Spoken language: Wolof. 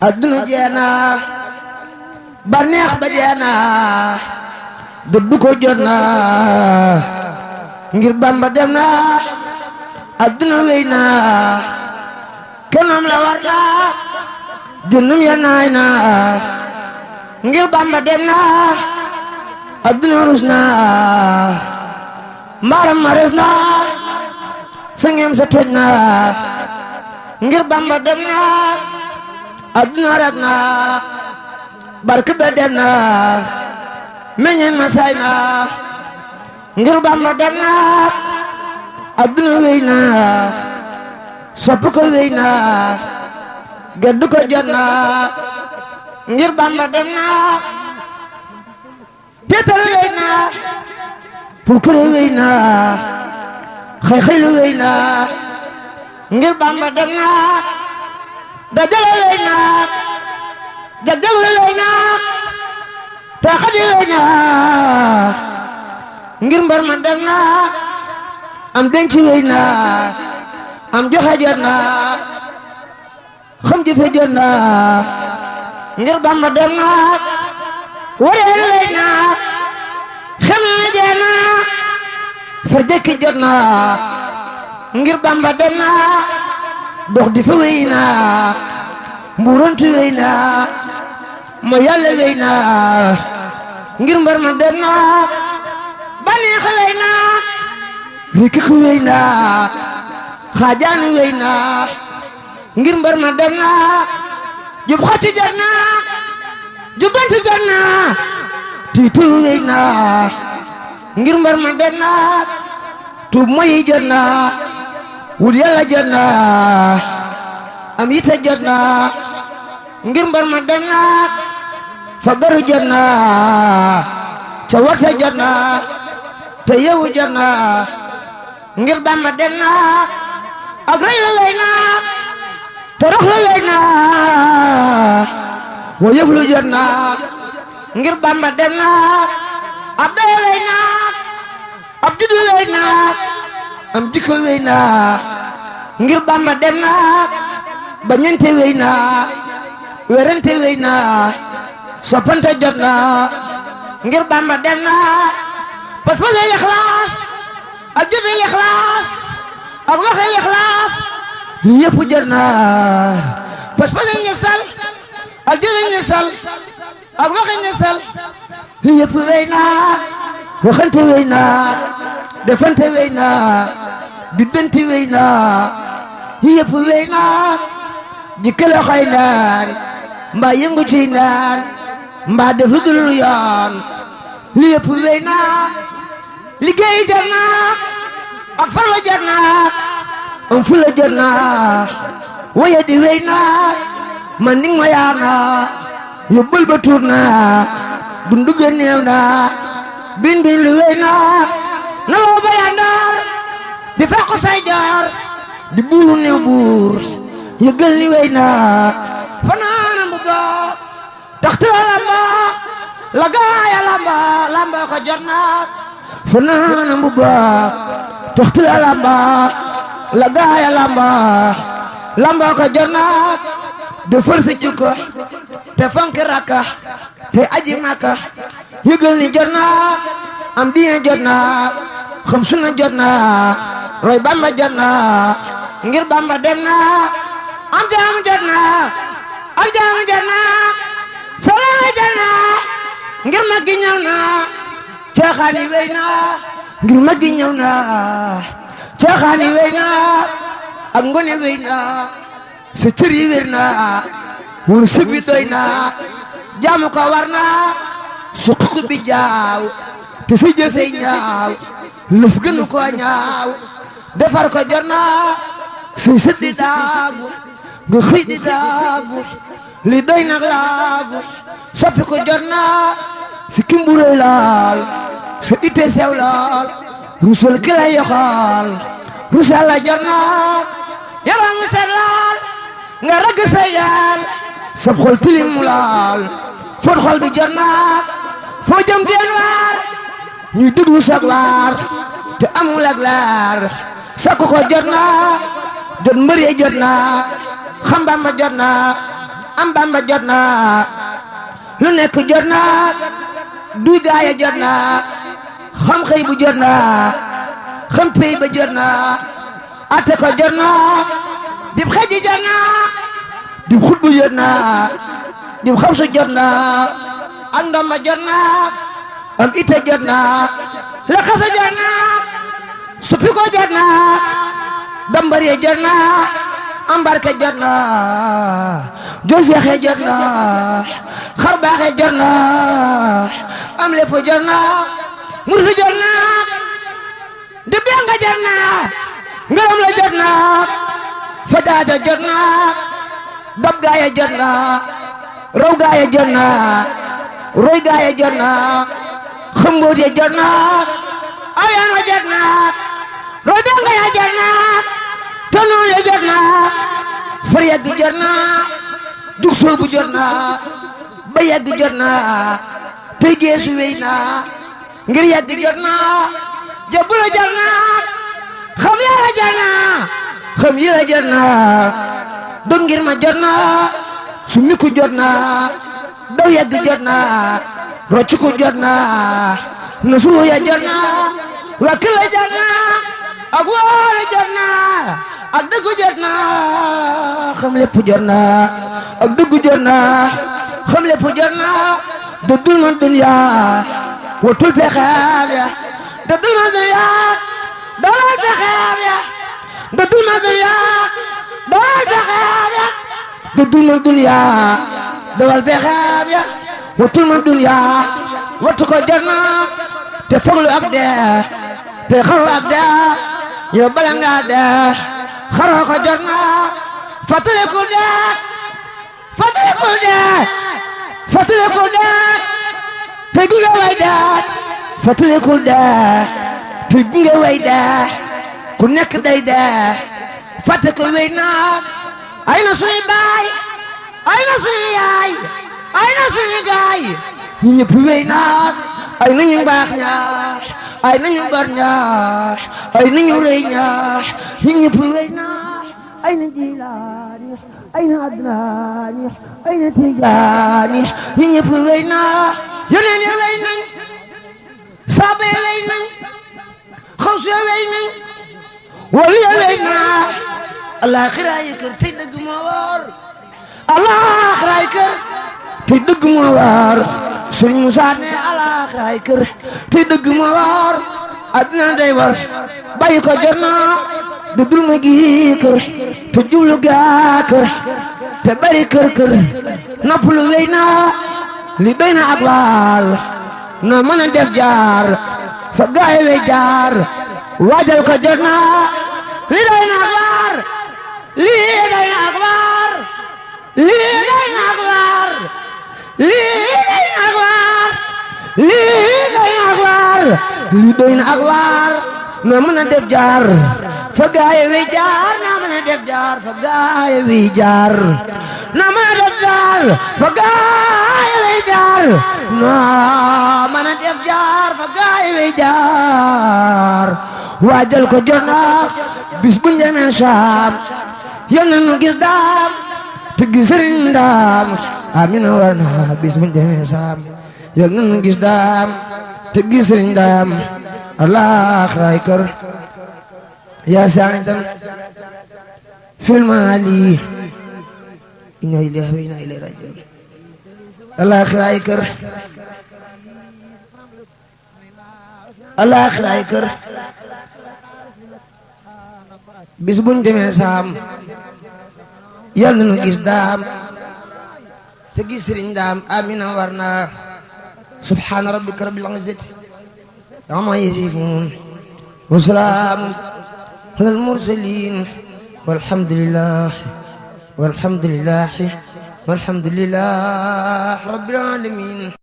adduna jeena ba neex ba jeena dudd ko jot na ngir bamba dem na adduna wey na kanam la war na jëndum ya naay na ngir bamba dem na adduna rus na mbaaram ma res na sangeem sa toj na ngir bamba dem na aduna rag na barke ba dem na meññe ma na ngir Bamba dem na aduna wéy na sopp ko na geddu ko na ngir Bamba dem na teetalu wéy na pulkure wéy na xëy xëylu na ngir Bamba dem na dajale lay naa jagale lay naa taaxaje lay ngir mbar ma dem am denc wey am joxe jot naa xam jëfe jot naa ngir Bamba dem naa waree lay naa na jee naa farjëkki jot ngir Bamba dem naa dox di fa naa mbuurantu wéy naa ma yàlla naa ngir mbar ma dem naa baniix wéy naa rikik wéy naa xaajaan wéy naa ngir mbar ma dem naa jub xocc jot naa jubbanti jot naa tiitu wéy naa ngir mbar ma dem naa tuub moyi jot naa wul yaa janna am yite janna ngir mbar ma danna fa garu janna ca wata janna te yewu janna ngir bamba denna ak rëy la lay te rox la lay na wa yëflu janna ngir bamba denna ab doyo lay na ab juddu lay na am dikko wéy naa ngir bamba dem naa bañante wéy naa werante wéy naa soppante jot naa ngir bamba dem naa pas-pasee ixlaas ak jëfee ixlaas ak waxee ixlaas yëpp jot naa pas-pasee ñesal ak jëfee ñesal ak waxee ñesal yëpp wéy naa waxante wey naa defante wey naa biddanti wey naa yëpp wey naa jikkale xay mbaa yëngu ciy mbaa def lu dul yoon wey naa liggéey jar naa ak jar naa am jar naa waye wey naa man ni yaa naa yóbbal ba tuur naa dundu bindul wena nawo bayandar di fekk say di bulu ne ya gel ni weyna fanana mu takta lama, lamba la ya lamba lamba ko jorna fanana mu ba lama lamba la ya lamba lamba ko jorna de force ko te fonk rakka te aji makka yëgal ni jot naa am diine jot naa xam sunna jot naa roy bamba jot naa ngir bamba dem naa am jaamu jot naa ak jaamu jot naa salaama jot naa ngir maggi ñëw naa ceexaani wey naa ngir maggi ñëw ceexaani wey naa ak ngone wey naa sa cër yi wér naa wërsëg wi doy naa jaamu ko war naa suq bi jaaw te si jëfe ñaaw lëf gënu ko ñaaw defar ko jor naa si sët di daagu nga xëy di daagu li doy nag laagu soppi ko jor naa si kimburéy laal sa ite sew laal rusal ki la rusal la jor naa yaram set laal nga ragg sa yaal sab xol tilim mu laal fot xol bi jot naa foo jëm waar ñuy déglu sag waar te amul ak laar sakku ko jot naa jot mbëre jot naa xam Bamba jot naa am Bamba jot naa lu nekk jot naa du gaaya jot naa xam xëy jot naa xam pey jot naa ate ko jot naa dib xëy jot naa dim xutbu jot naa dim xamsu jot naa ak ndama jot naa ak jot naa laxasa jot naa supiko jot naa dambarye jot naa ambarke jot naa joseexe jot naa xarbaaxe jot naa am jot naa murtu jot naa dib danga jot naa ngërëm la jot naa fajaaja jot naa dab gaaya jot na raw gaaya jot na roy gaaya jot na xëmboot ya jot na ayoon wa jot na roy donga ya jot na tolluun ya jot na far yàgg jot na dug jot na ba yàgg jot na tey geesu wey na ngir yàgg jot na jabula jot na xam yàlla jot na xam yàlla jot na dun ngir ma jot naa su jot naa daw yegg jot naa rocc jot naa nu suuya jot naa wakkila jot naa ak wóolu jot naa ak dëggu jot naa xam lépp jot naa ak dëggu jot naa xam lépp jot naa da ma dunya wa tul pexeem ya da ma dunya da dul pexeem ya da ma dunya dawal pexeem ya du dulmal duniyaa dawal pexeem ya watul ma duniyaa watu ko jot na te foglu ak dee te xaru ak dee yow bala dee xaroo ko jot na fàttaliku dee fàttaliku dee fàttaliku dee te gunge way dee fàttaliku dee te gunge way dee ku nekk day dee fàtte ko wéy naa ay na suñu baay ay na suñu yaay ay na suñu gaay ñi ñëpp wéy naa ay nañu mbaax ñaax ay nañu bar ñaax ay nañu rëy ñaax ñi ñëpp wéy naa ay na jilaani ay na adnaani ay na tijaani ñi ñëpp wéy naa yeneen ya wéy nañ saaba ya wéy nañ xaw si ya wéy nañ wala yowee naa alaxiraay kër tey dëgg moo waar alaxiraay kër tey dëgg moo waar sëñ Moussa ne alaxiraay kër tey dëgg moo waar adduna day war bàyyi ko jot na du dul ma kër te jublu gaa kër te bari kër kër noppalu wéy naa li doy ak waar na mën a def jaar fa gaay we jaar waajal ko jot na lii doy na ak waar lii doy na ak waar lii doy na ak waar lii doy na ak waar lii doy na ak waar lii doy na ak waar naa mën a def jaar fa gaaye wi jaar naa mën a def jaar fa gaaye wi jaar naa mën a def jaar fa gaaye wi jaar naa mën a def jaar fa gaaye wi jaar waajal ko jot naa bis buñ demee saam yal na gis daam te gis sëriñ daam war na bis buñ saam yal na gis daam te gis sëriñ daam allah ray kër yaa film ali inna ilaahi wa allah ray kër kër bis buñ demee saam yàlla nu gis daam te gis sëriñ daam amina war naa subhaana rabbika rabbil izzati amma yasifuun wa salaamun alal mursaliin walhamdulillah walhamdulillah walhamdulillah rabbil aalamiin